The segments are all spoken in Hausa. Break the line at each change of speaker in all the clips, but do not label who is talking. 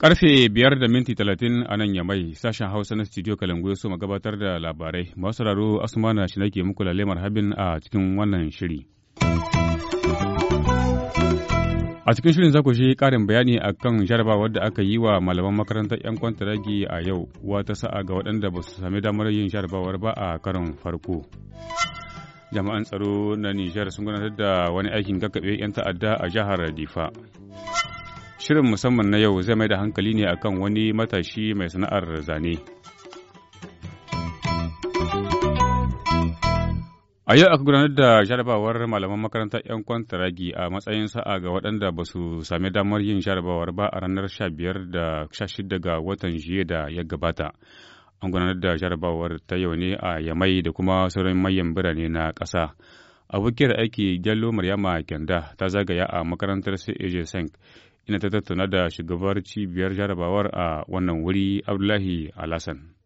Karfe biyar da minti talatin a nan Yamai, sashen Hausa na studio Kalangu ya so gabatar da labarai. Masu sauraro Asmana shi nake muku lalemar habin a cikin wannan shiri. A cikin shirin za ku shi ƙarin bayani a kan jarabawar da aka yi wa malaman makarantar 'yan kwantaragi a yau, wata sa'a ga waɗanda ba su sami damar yin jarabawar ba a karon farko. Jama'an tsaro na Nijar sun gudanar da wani aikin gaggabe 'yan ta'adda a jihar Difa. Shirin musamman na yau zai mai da hankali ne akan wani matashi mai sana'ar zane. A yau aka gudanar da jarabawar malaman makarantar 'yan kwantaragi a matsayin sa'a ga waɗanda ba su sami damar yin jarabawar ba a ranar 15 da 16 ga watan jiya da ya gabata. An gudanar da jarabawar ta yau ne a Yamai da kuma sauran manyan birane na ƙasa. Abokiyar aiki Jallo Maryama Kenda ta zagaya a makarantar CAJ Sank ina ta tattauna da shugabar cibiyar jarabawar a wannan wuri Abdullahi Alasan.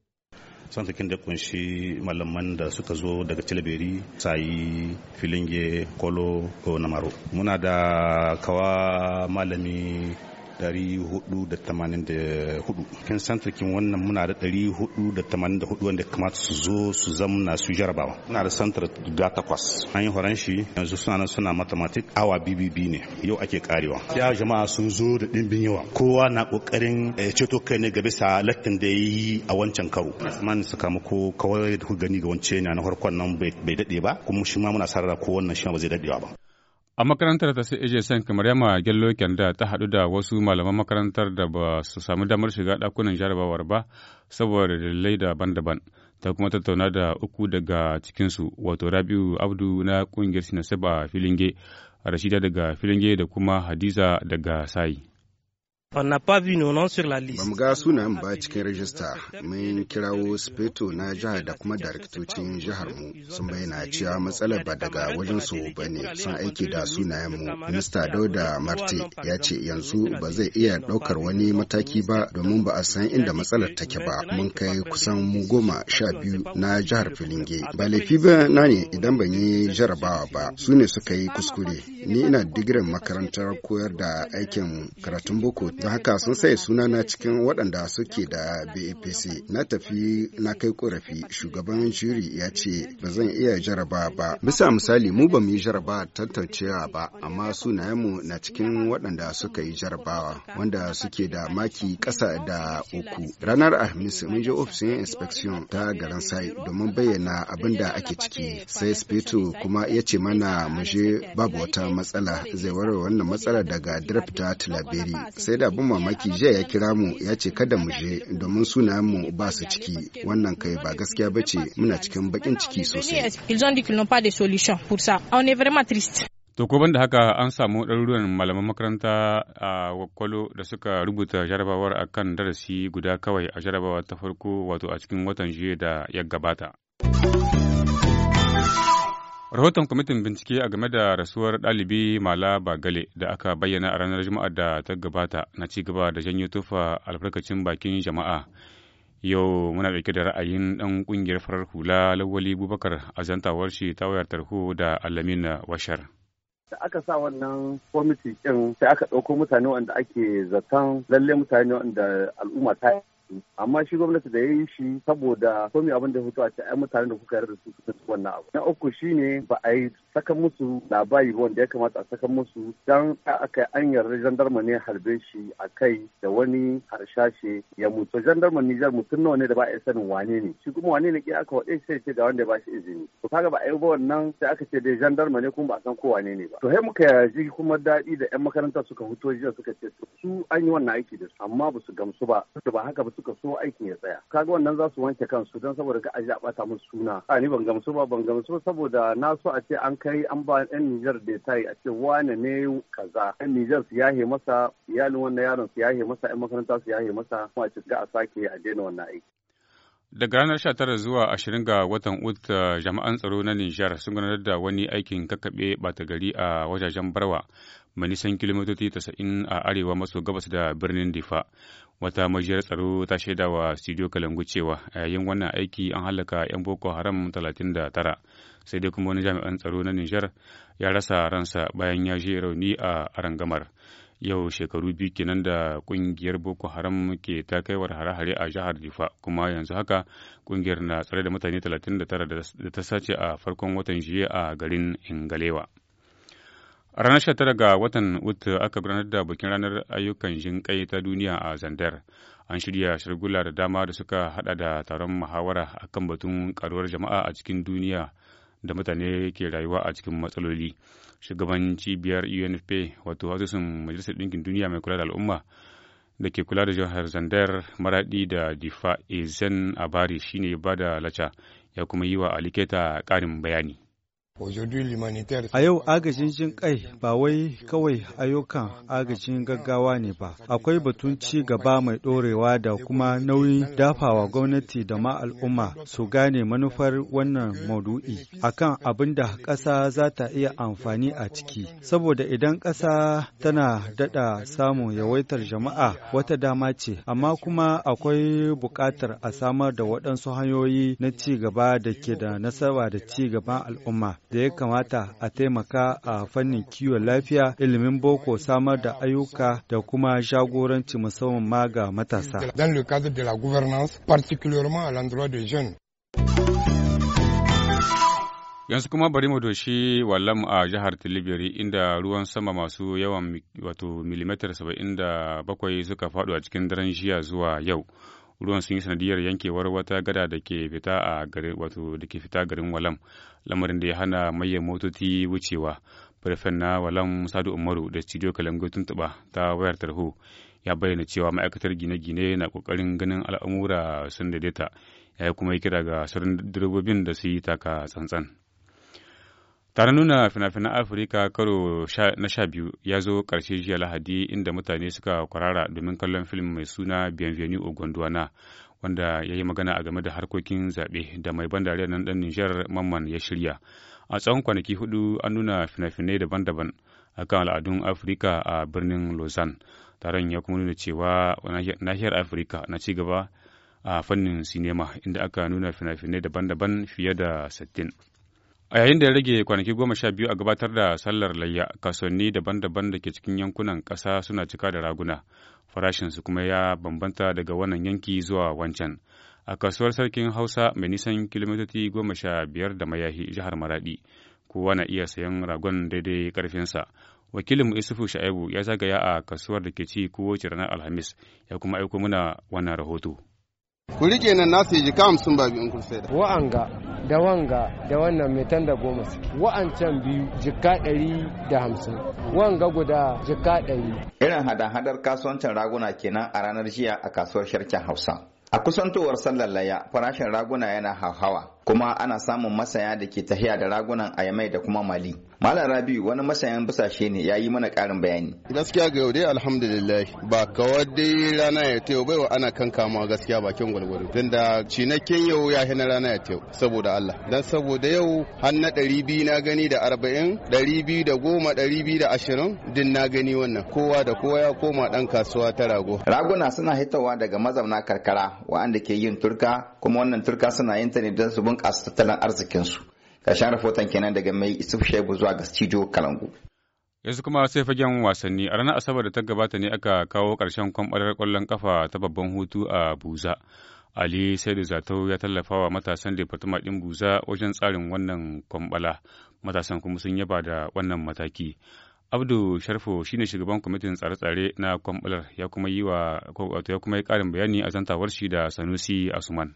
santakin da kunshi malaman da suka zo daga tilberi sayi filinge kolo ko namaro muna da kawa malami 484 kin santarkin wannan muna da 484 wanda kamata su zo su zamna su jarabawa muna da santar guda takwas an yi horon shi yanzu suna nan suna mathematics awa bbb ne yau ake karewa
ya jama'a sun zo da dimbin yawa kowa na kokarin eh, ceto kai ne ga bisa lattin da yi a wancan karo man sakamako kawai da gani ga wancan na farkon nan bai
dade ba kuma shi ma muna sarara ko wannan shi ba zai dadewa ba A makarantar ta sai Eje Sank Maryama Gello Kenda ta haɗu da wasu malaman makarantar da ba su samu damar shiga ɗakunan jarabawar ba saboda dalilai daban-daban. Ta kuma tattauna da uku daga cikinsu wato Rabiu Abdu na ƙungiyar Sinasaba Filinge, Rashida daga Filinge da kuma Hadiza daga Sai.
Ba ga sunan ba cikin rajista mun kirawo speto na jihar da kuma daraktocin jihar mu sun bayyana cewa matsalar ba daga wajen su ba ne aiki da sunayen mu. Minista Dauda marti ya ce yanzu ba zai iya ɗaukar wani mataki ba domin ba a san inda matsalar take ba. Mun kai kusan mu goma sha biyu na jihar Filinge. Ba laifi ba na ne idan ban yi jarabawa ba su ne suka yi kuskure. Ni ina digirin makarantar koyar da aikin karatun boko ta haka sun sai na cikin waɗanda suke da bapc na tafi na kai ƙorafi shugaban shiri ya ce ba zan iya jaraba ba bisa misali mu ba mu yi jaraba tantancewa ba amma sunayenmu na cikin waɗanda suka yi jarabawa wanda suke da maki ƙasa da uku ranar alhamis mun je ofishin inspection ta garin sai domin bayyana abin da ake ciki sai spito kuma ya ce mana mu je babu wata matsala zai warware wannan matsala daga direfta ta tilaberi sai da abin mamaki jiya ya kira mu ya ce kada mu je domin sunayen mu ba su ciki wannan kai ba gaskiya ba ce muna cikin bakin ciki sosai. Ah,
to ko da haka an samu ɗaruruwan malaman makaranta a Wakwalo da suka rubuta jarabawar a kan darasi guda kawai a jarabawa ta farko wato a cikin watan jiya da ya gabata. Rahoton kwamitin bincike a game da rasuwar ɗalibi Mala Bagale da aka bayyana a ranar Juma'ar da ta gabata na ci gaba da janyo tufa albarkacin bakin jama'a. Yau muna ɗauke da ra'ayin ɗan ƙungiyar farar hula Lawali Bubakar a zantawar shi ta wayar tarho da Alamin Washar.
da aka sa wannan kwamiti ɗin sai aka ɗauko mutane wanda ake zaton lalle mutane wanda al'umma ta su amma shi gwamnati da ya yi shi saboda komi abin da hutu a ce ai mutanen da kuka yarda su su ci wannan abu na uku shine ba a yi sakan musu labari wanda ya kamata a sakan musu dan aka an yarda jandarma ne harbe shi a kai da wani harshashe ya mutu jandarma Nijar mutum nawa ne da ba a sanin wane ne shi kuma wane ne ke aka wade shi ce da wanda ba shi izini to kaga ba a yi ba wannan sai aka ce dai jandarma ne kuma ba a san ko wane ne ba to sai muka ji kuma daɗi da 'yan makaranta suka hutu jiya suka ce su an yi wannan aiki da su amma ba su gamsu ba ba haka ba su suka so aikin ya tsaya kaga wannan za su wanke kansu don saboda ka aji a bata musu suna a ni ban gamsu ba ban gamsu saboda na so a ce an kai an ba yan Nijar da tai a ce wane ne kaza yan Nijar su yahe masa iyalin wannan yaron su yahe masa yan makaranta su yahe masa kuma a ga a sake a
daina wannan aiki
Daga ranar 19 zuwa 20 ga watan Ut eh, jama'an tsaro na Nijar sun gudanar da wani aikin kakkaɓe ɓata gari a wajajen Barwa mai nisan kilomitoci 90 a arewa maso gabas da birnin Difa. Wata majiyar tsaro ta shaida wa Studio Kalangu cewa a yayin wannan aiki an halaka 'yan Boko Haram 39 sai dai kuma wani jami'an tsaro na Nijar ya rasa ransa bayan ya je rauni a arangamar. yau shekaru biyu kenan da kungiyar boko haram ke ta kaiwar hare-hare a jihar jifa kuma yanzu haka kungiyar na tsare da mutane 39 da ta sace a farkon watan jiya a garin ingalewa a ranar 19 ga watan ut aka gudanar da bikin ranar ayyukan jin kai ta duniya a zandar an shirya shirgula da dama da suka hada da taron muhawara akan batun karuwar jama'a a cikin duniya da mutane ke rayuwa a cikin matsaloli shugaban cibiyar unfp wato asusun majalisar ɗinkin duniya mai kula da al'umma da ke kula da jihar zandar maradi da difa ezen abari shine bada da ya kuma yi wa aliketa ƙarin bayani
A yau agajin jin kai ba wai kawai ayyukan agajin gaggawa ne ba, akwai batun ci gaba mai ɗorewa da kuma nauyin dafawa gwamnati da ma al'umma su gane manufar wannan maudu'i kan abin da ƙasa za ta iya amfani a ciki. Saboda idan ƙasa tana daɗa samun yawaitar jama'a wata dama ce, amma kuma akwai buƙatar a samar da waɗansu hanyoyi na ci gaba da ke da nasaba da ci gaban al'umma. da ya kamata a taimaka a fannin kiwon lafiya, ilimin boko, samar da ayyuka da kuma jagoranci musamman ma ga matasa.
yanzu kuma bari mu doshi wallam a jihar tilibiri inda ruwan sama masu yawan wato milimetar bakwai suka faɗo a cikin daren jiya zuwa yau ruwan sun yi sanadiyar yankewar wata gada da ke fita a garin wato da ke fita garin walam lamarin da ya hana mayan motoci wucewa farfen na walam sadu umaru da studio kalango tuntuba ta wayar tarho ya bayyana cewa ma'aikatar gine-gine na kokarin ganin al'amura sun daidaita ya kuma yi kira ga sauran direbobin da su yi taka tsantsan. tare nuna fina-finan Afirka karo na sha biyu ya zo ƙarshe jiya Lahadi inda mutane suka kwarara domin kallon fim mai suna Bienvenue au Gondwana wanda ya yi magana a game da harkokin zaɓe da mai ban dariya nan ɗan Nijar Mamman ya shirya. A tsawon kwanaki hudu an nuna fina-finai daban-daban akan al'adun Afirka a birnin Lausanne. Taron ya kuma nuna cewa nahiyar Afirka na ci gaba a fannin sinema inda aka nuna fina-finai daban-daban fiye da sittin. A yayin da ya rage kwanaki goma sha biyu a gabatar da sallar layya, kasuwanni daban-daban da ke cikin yankunan ƙasa suna cika da raguna, farashinsu kuma ya bambanta daga wannan yanki zuwa wancan. A kasuwar sarkin Hausa mai nisan kilomitoci goma sha biyar da mayahi jihar Maradi, kowa na iya sayan ragon daidai ƙarfinsa. Wakilin Isufu Sha'ibu ya zagaya a kasuwar da ke ci kowace ranar Alhamis, ya kuma aiko muna wannan rahoto.
Ku rike nan yi jika hamsin ba biyun kun sai da. Wa'anga da wanga da wannan mai tanda goma suke wa'ancan biyu jika ɗari da hamsin wanga guda jika ɗari. irin hada-hadar kasuwancin raguna kenan a ranar jiya a kasuwar sharkin hausa a kusantowar sallar laya farashin raguna yana hauhawa kuma ana samun masaya da ke tahiya da ragunan a da kuma mali Malam Rabi wani masayan busashe ne ya yi mana ƙarin bayani. Gaskiya ga dai alhamdulillah ba kawai dai rana ya tayo bai wa ana kan kama gaskiya bakin gwalgwaro. Tun da cinakin yau ya hina rana ya tayo saboda Allah. Dan saboda yau har na ɗari biyu na gani da arba'in, ɗari biyu da goma, ɗari biyu da ashirin din na gani wannan. Kowa da kowa ya koma ɗan kasuwa ta rago. Raguna suna hitawa daga mazauna karkara wa'anda ke yin turka kuma wannan turka suna yin ta ne don su bunƙasa tattalin arzikinsu. Ƙarshen rahoton kenan daga mai Isuf shebu zuwa ga Studio Kalangu.
Yanzu kuma sai fagen wasanni a ranar Asabar da ta gabata ne aka kawo ƙarshen kwamɓarar ƙwallon ƙafa ta babban hutu a Buza. Ali sai da Zato ya tallafa wa matasan Departement ɗin Buza wajen tsarin wannan kwamɓala Matasan kuma sun yaba da wannan mataki. Abdu Sharfo shine shugaban kwamitin tsare-tsare na kwamɓalar ya kuma yi wa ya kuma yi ƙarin bayani a zantawar shi da Sanusi Asuman.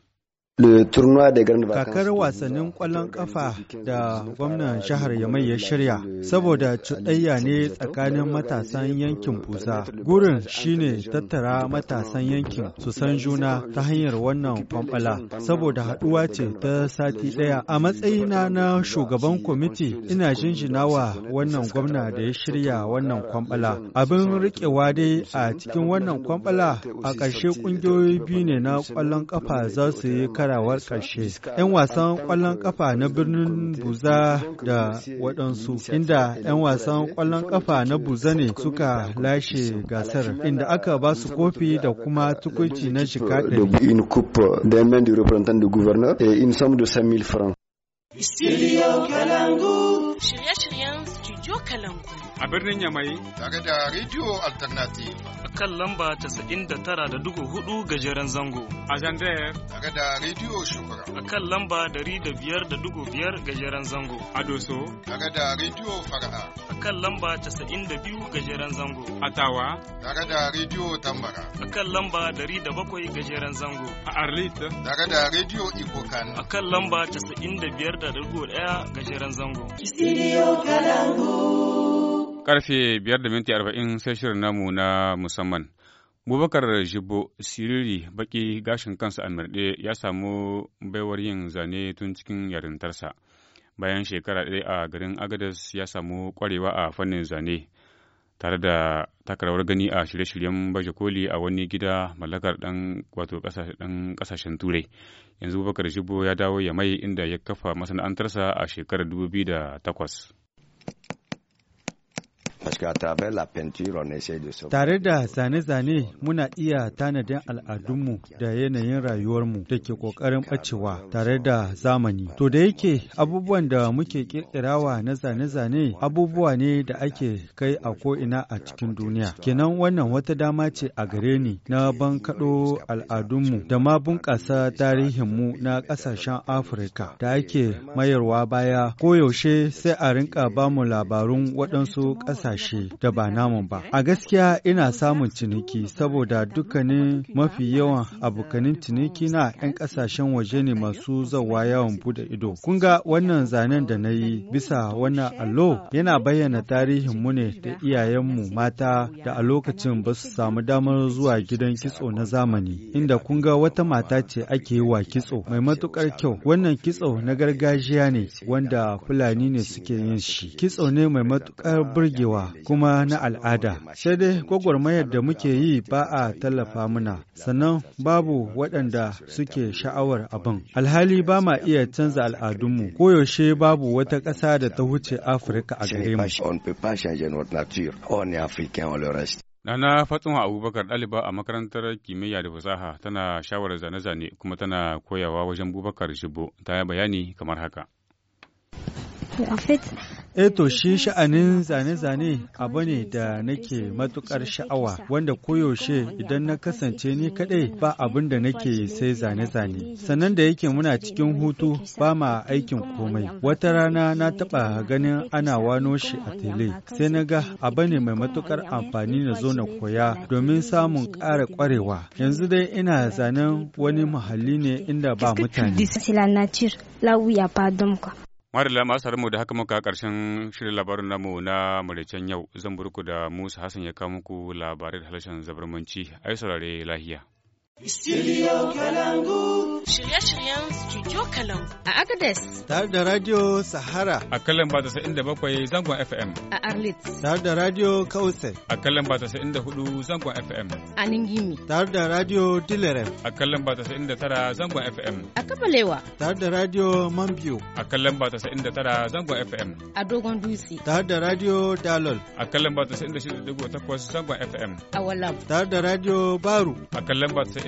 kakar
wasannin kwallon kafa da gwamnan jihar yamai ya shirya saboda cuɗayya ne tsakanin matasan yankin Busa, gurin shine tattara matasan yankin su san juna ta hanyar wannan kwamfala saboda haɗuwa ce ta sati ɗaya a matsayina na shugaban kwamiti ina jinjina wannan gwamna da ya shirya wannan kwamfala abin riƙewa dai a cikin wannan kwamfala a ƙarshe ƙungiyoyi biyu ne na kwallon kafa za su yi karawar ƙarshe. 'Yan wasan ƙwallon ƙafa na birnin Buza da waɗansu, inda 'yan wasan ƙwallon ƙafa na Buza ne suka lashe gasar, inda aka ba su kofi da kuma tukuci na shiga ɗari.
Shirye-shiryen Studio Kalangu.
a birnin Yamai. Tare da Radio Alternative. A kan lamba da tara da dugu hudu gajeren zango. A Zandayar. Tare da Radio Shukura. A kan lamba dari da biyar da dugu biyar gajeren zango. A Doso.
Tare da Radio Fara'a. A kan lamba 92 biyu gajeren zango.
A Tawa. Tare da
Radio Tambara. A kan lamba dari da bakwai gajeren zango. A Arlit. Tare da Radio Ikokan. A kan lamba 95.1 biyar da dugu ɗaya gajeren zango. Studio Kalangu.
karfe biyar da minti arba'in sai shirin namu na musamman. Bubakar Jibo Siriri baki gashin kansa a mirɗe ya samu baiwar yin zane tun cikin yarintarsa. Bayan shekara ɗaya a garin Agadas ya samu ƙwarewa a fannin zane tare da takarawar gani a shirye-shiryen baje koli a wani gida mallakar ɗan wato ɗan ƙasashen Turai. Yanzu Bubakar Jibo ya dawo ya mai inda ya kafa masana'antarsa a shekarar 2008. Tare
da zane-zane muna iya tanadin al'adunmu da yanayin rayuwarmu da ke ƙoƙarin bacewa tare da zamani. To da yake abubuwan da muke ƙirƙirawa na zane-zane abubuwa ne da ake kai a ko'ina a cikin duniya. Kenan wannan wata dama ce a gare ni na ban bankaɗo al'adunmu da ma bunƙasa tarihinmu na ƙasashen Afirka da ake mayarwa baya koyaushe sai a rinka mu labarun waɗansu ƙasa. ƙasashe da ba namun ba. A gaskiya ina samun ciniki saboda dukkanin mafi yawan abokanin ciniki na 'yan ƙasashen waje ne masu zawa yawan buɗe ido. Kun ga wannan zanen da na yi bisa wannan allo yana bayyana tarihin mu ne da iyayenmu mata da a lokacin ba su samu damar zuwa gidan kitso na zamani. Inda kun ga wata mata ce ake yi wa kitso mai matukar kyau. Wannan kitso na gargajiya ne wanda Fulani ne suke yin shi. Kitso ne mai matuƙar burgewa yawa kuma na al'ada. Sai dai gwagwarmayar da muke yi ba a tallafa muna, sannan babu waɗanda suke sha'awar abin. Alhali ba ma iya canza al'adunmu, koyaushe babu wata ƙasa da ta wuce Afirka a gare mu.
Nana Fatima Abubakar ɗaliba a makarantar kimiyya da fasaha tana shawarar zane-zane kuma tana koyawa wajen Bubakar Shibbo ta yi bayani kamar haka.
Eto eh shi sha'anin zane-zane abu ne da nake matukar sha'awa wanda koyaushe idan na kasance ni kaɗai ba abin da nake sai zane-zane. Sannan da yake muna cikin hutu ba ma aikin komai. Wata rana na taɓa ganin ana wano shi a tele. Sai na ga abu ne mai matukar amfani na zo na koya domin samun ƙara ƙwarewa. Yanzu dai ina zanen wani muhalli ne inda
ba mutane. Madalla masu mu da haka muka ƙarshen shirin labarin namu na maraicen yau zan burku da Musa Hassan ya kawo muku labarai da halashen zabarmanci ai saurare lahiya.
Studio Kalangu. Shirye-shiryen Studio Kalangu. A Agadez.
Tare
da Radio Sahara.
A kalan ba da bakwai zangon FM.
A Arlit.
Tare da Radio Kausai. A kalan ba
da hudu zangon FM. A Ningimi. Tare
da Radio Dilerem.
A kalan ba da tara zangon FM. A Kabalewa. Tare da Radio Mambiyo. A kalan ba da tara zangon FM.
A Dogon Dutse.
Tare da Radio Dalol. A kalan ba da shida takwas zangon FM.
A Walam. Tare da Radio Baru.
A kalan ba